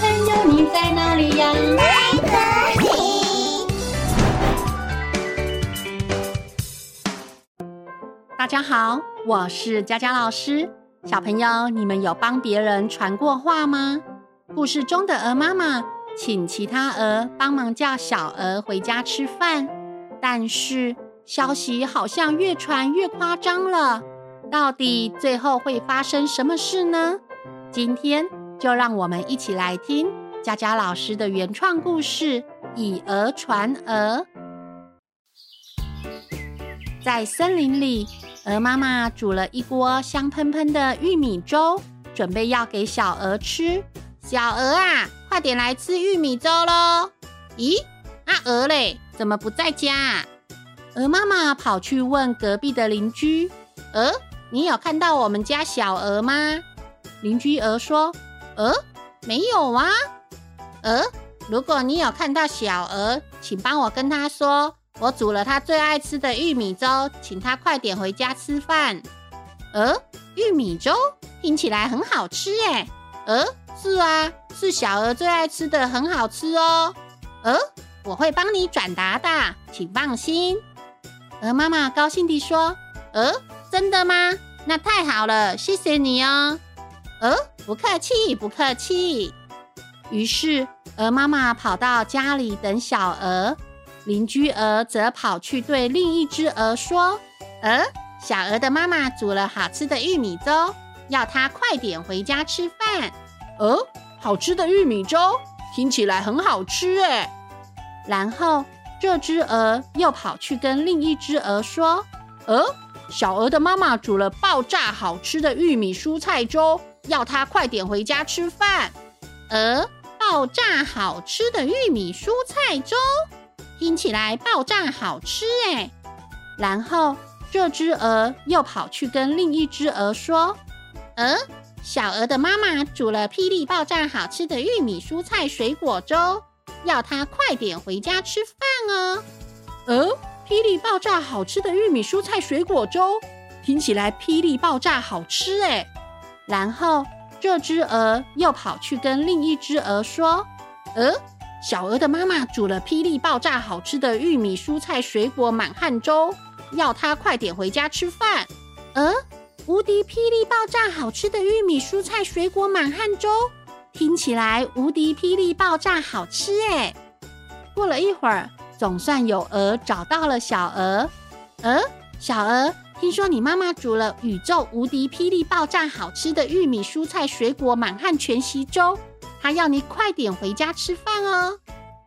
朋友，你在哪裡呀？在這裡。大家好，我是佳佳老師。小朋友，你們有幫別人傳過話嗎？故事中的鵝媽媽請其他鵝幫忙叫小鵝回家吃飯，但是消息好像越傳越誇張了。到底最後會發生什麼事呢？今天，就讓我們一起來聽佳佳老師的原創故事《以鵝傳鵝》。在森林裡，鵝媽媽煮了一鍋香噴噴的玉米粥，準備要給小鵝吃。小鵝啊，快點來吃玉米粥嘍！咦，阿、啊、鵝嘞，怎麼不在家？鵝媽媽跑去問隔壁的鄰居：“鵝，你有看到我們家小鵝嗎？”鄰居鵝說。呃、嗯，沒有啊，呃、嗯，如果你有看到小鵝，請幫我跟他說，我煮了他最愛吃的玉米粥，請他快點回家吃飯。呃、嗯、玉米粥聽起來很好吃誒。呃、嗯，是啊，是小鵝最愛吃的，很好吃哦。呃、嗯，我會幫你轉達的，請放心。鵝、嗯嗯、媽媽高興地說：“呃、嗯，真的嗎？那太好了，謝謝你哦。”哦，不客氣，不客氣。於是鵝媽媽跑到家裡等小鵝，鄰居鵝則跑去對另一隻鵝說：“鵝、哦，小鵝的媽媽煮了好吃的玉米粥，要它快點回家吃飯。”哦，好吃的玉米粥，聽起來很好吃誒。然後這隻鵝又跑去跟另一隻鵝說：“鵝、哦，小鵝的媽媽煮了爆炸好吃的玉米蔬菜粥。”要他快點回家吃飯。呃，爆炸好吃的玉米蔬菜粥，聽起來爆炸好吃誒。然後這隻鵝又跑去跟另一隻鵝說：“鵝，小鵝的媽媽煮了霹靂爆炸好吃的玉米蔬菜水果粥，要他快點回家吃飯哦。”呃，霹靂爆炸好吃的玉米蔬菜水果粥，聽起來霹靂爆炸好吃誒。然後，這隻鵝又跑去跟另一隻鵝說：“嗯，小鵝的媽媽煮了霹靂爆炸好吃的玉米蔬菜水果滿漢粥，要它快點回家吃飯。”嗯，無敵霹靂爆炸好吃的玉米蔬菜水果滿漢粥，聽起來無敵霹靂爆炸好吃誒。過了一會兒，總算有鵝找到了小鵝。嗯。小鵝，聽說你媽媽煮了宇宙無敵霹靂爆炸好吃的玉米蔬菜水果滿漢全席粥，她要你快點回家吃飯哦。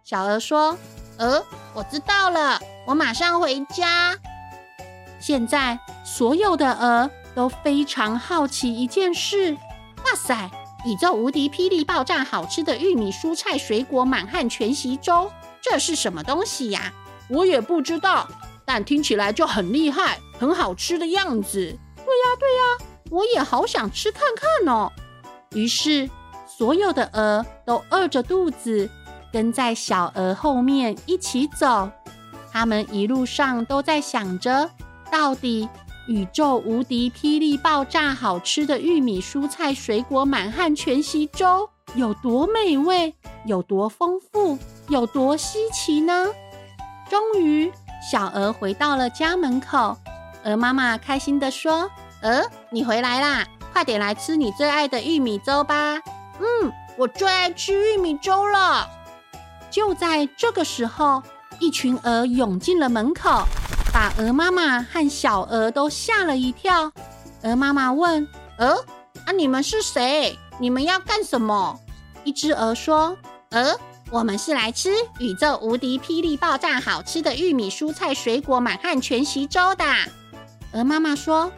小鵝說：“呃，我知道了，我馬上回家。”現在所有的鵝都非常好奇一件事：哇塞，宇宙無敵霹靂爆炸好吃的玉米蔬菜水果滿漢全席粥，這是什麼東西呀？我也不知道。但聽起來就很厲害、很好吃的樣子。對呀，對呀，我也好想吃看看哦。於是，所有的鵝都餓着肚子，跟在小鵝後面一起走。它們一路上都在想着，到底宇宙無敵霹靂爆炸好吃的玉米、蔬菜、水果滿漢全席粥有多美味、有多豐富、有多稀奇呢？終於。小鵝回到了家門口，鵝媽媽開心地說：“鵝、呃，你回來啦！快點來吃你最愛的玉米粥吧。”“嗯，我最愛吃玉米粥了。”就在這個時候，一群鵝湧進了門口，把鵝媽媽和小鵝都嚇了一跳。鵝媽媽問：“鵝、呃，啊，你們是誰？你們要幹什麼？”一只鵝說：“鵝、呃。”我們是來吃宇宙無敵霹靂爆炸好吃的玉米蔬菜水果滿漢全席粥的。鵝媽媽說：“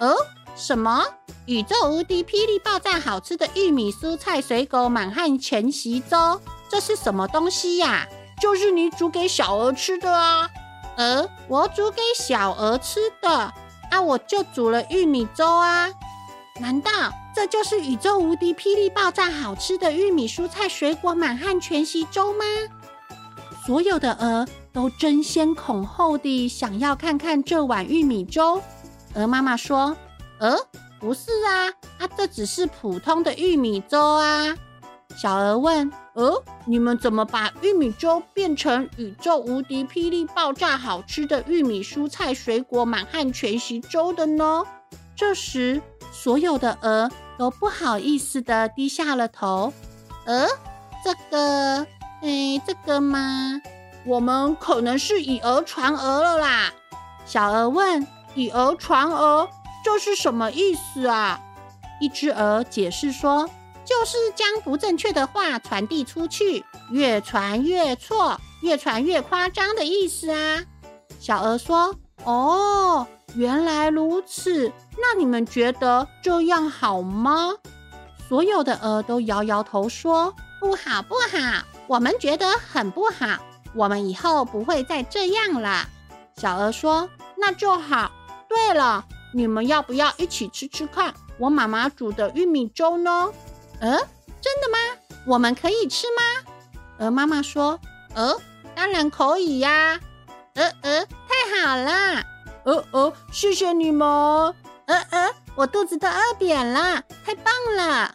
哦、呃，什麼宇宙無敵霹靂爆炸好吃的玉米蔬菜水果滿漢全席粥？這是什麼東西呀、啊？就是你煮給小鵝吃的啊。”呃，我煮給小鵝吃的，那、啊、我就煮了玉米粥啊。難道？”這就是宇宙無敵霹靂爆炸好吃的玉米蔬菜水果滿漢全席粥嗎？所有的鵝都爭先恐後地想要看看這碗玉米粥。鵝媽媽說：“呃，不是啊，啊，這只是普通的玉米粥啊。”小鵝問：“鵝，你們怎麼把玉米粥變成宇宙無敵霹靂爆炸好吃的玉米蔬菜水果滿漢全席粥的呢？”這時。所有的鵝都不好意思地低下了頭。鵝、呃，這個，誒，這個嗎？我們可能是以訛傳訛了啦。小鵝問：“以訛傳訛，這是什麼意思啊？”一只鵝解釋說：“就是將不正確的話傳遞出去，越傳越錯，越傳越誇張的意思啊。”小鵝說。哦，原來如此。那你們覺得這樣好嗎？所有的鵝都搖搖頭說：“不好，不好，我們覺得很不好。我們以後不會再這樣了。”小鵝說：“那就好。對了，你們要不要一起吃吃看我媽媽煮的玉米粥呢？”嗯，真的嗎？我們可以吃嗎？鵝媽媽說：“呃，當然可以呀。呃，呃……好啦，哦、呃、哦、呃，謝謝你們，鵝、呃、鵝、呃，我肚子都餓扁了，太棒了！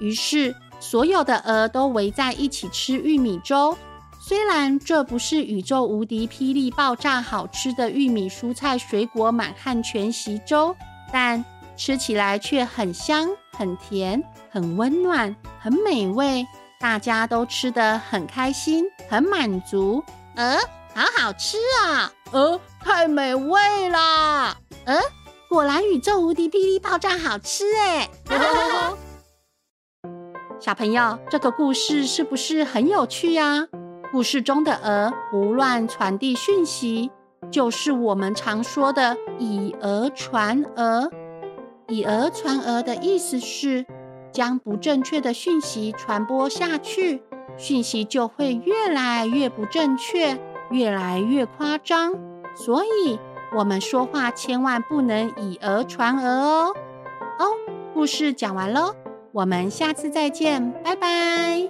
於是所有的鵝都圍在一起吃玉米粥。雖然這不是宇宙無敵霹靂爆炸好吃的玉米蔬菜水果滿漢全席粥，但吃起來卻很香、很甜、很溫暖、很美味，大家都吃得很開心、很滿足，鵝、呃。好好吃啊！鵝、呃，太美味啦！嗯、呃，果然宇宙無敵霹靂爆炸好吃哎！ 小朋友，這個故事是不是很有趣呀，啊？故事中的鵝胡亂傳遞訊息，就是我們常說的以鵝傳鵝“以訛傳訛”。“以訛傳訛”的意思是，將不正確的訊息傳播下去，訊息就會越來越不正確，越來越誇張，所以我們說話千萬不能以訛傳訛哦。哦，故事講完嘍，我們下次再見，拜拜。